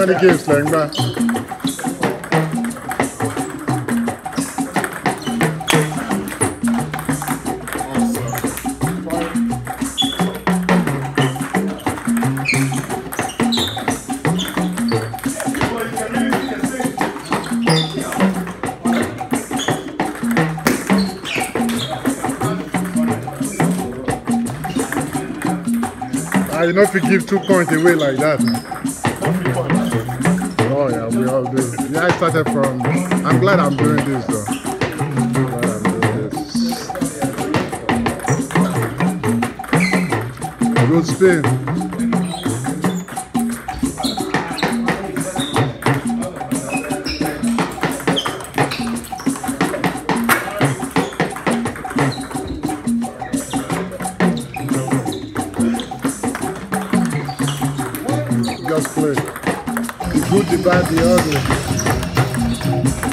I do not forgive two points away like that. Oh yeah, we all do. Yeah, I started from. I'm glad I'm doing this though. Good spin. Just play. good, the bad, the ugly.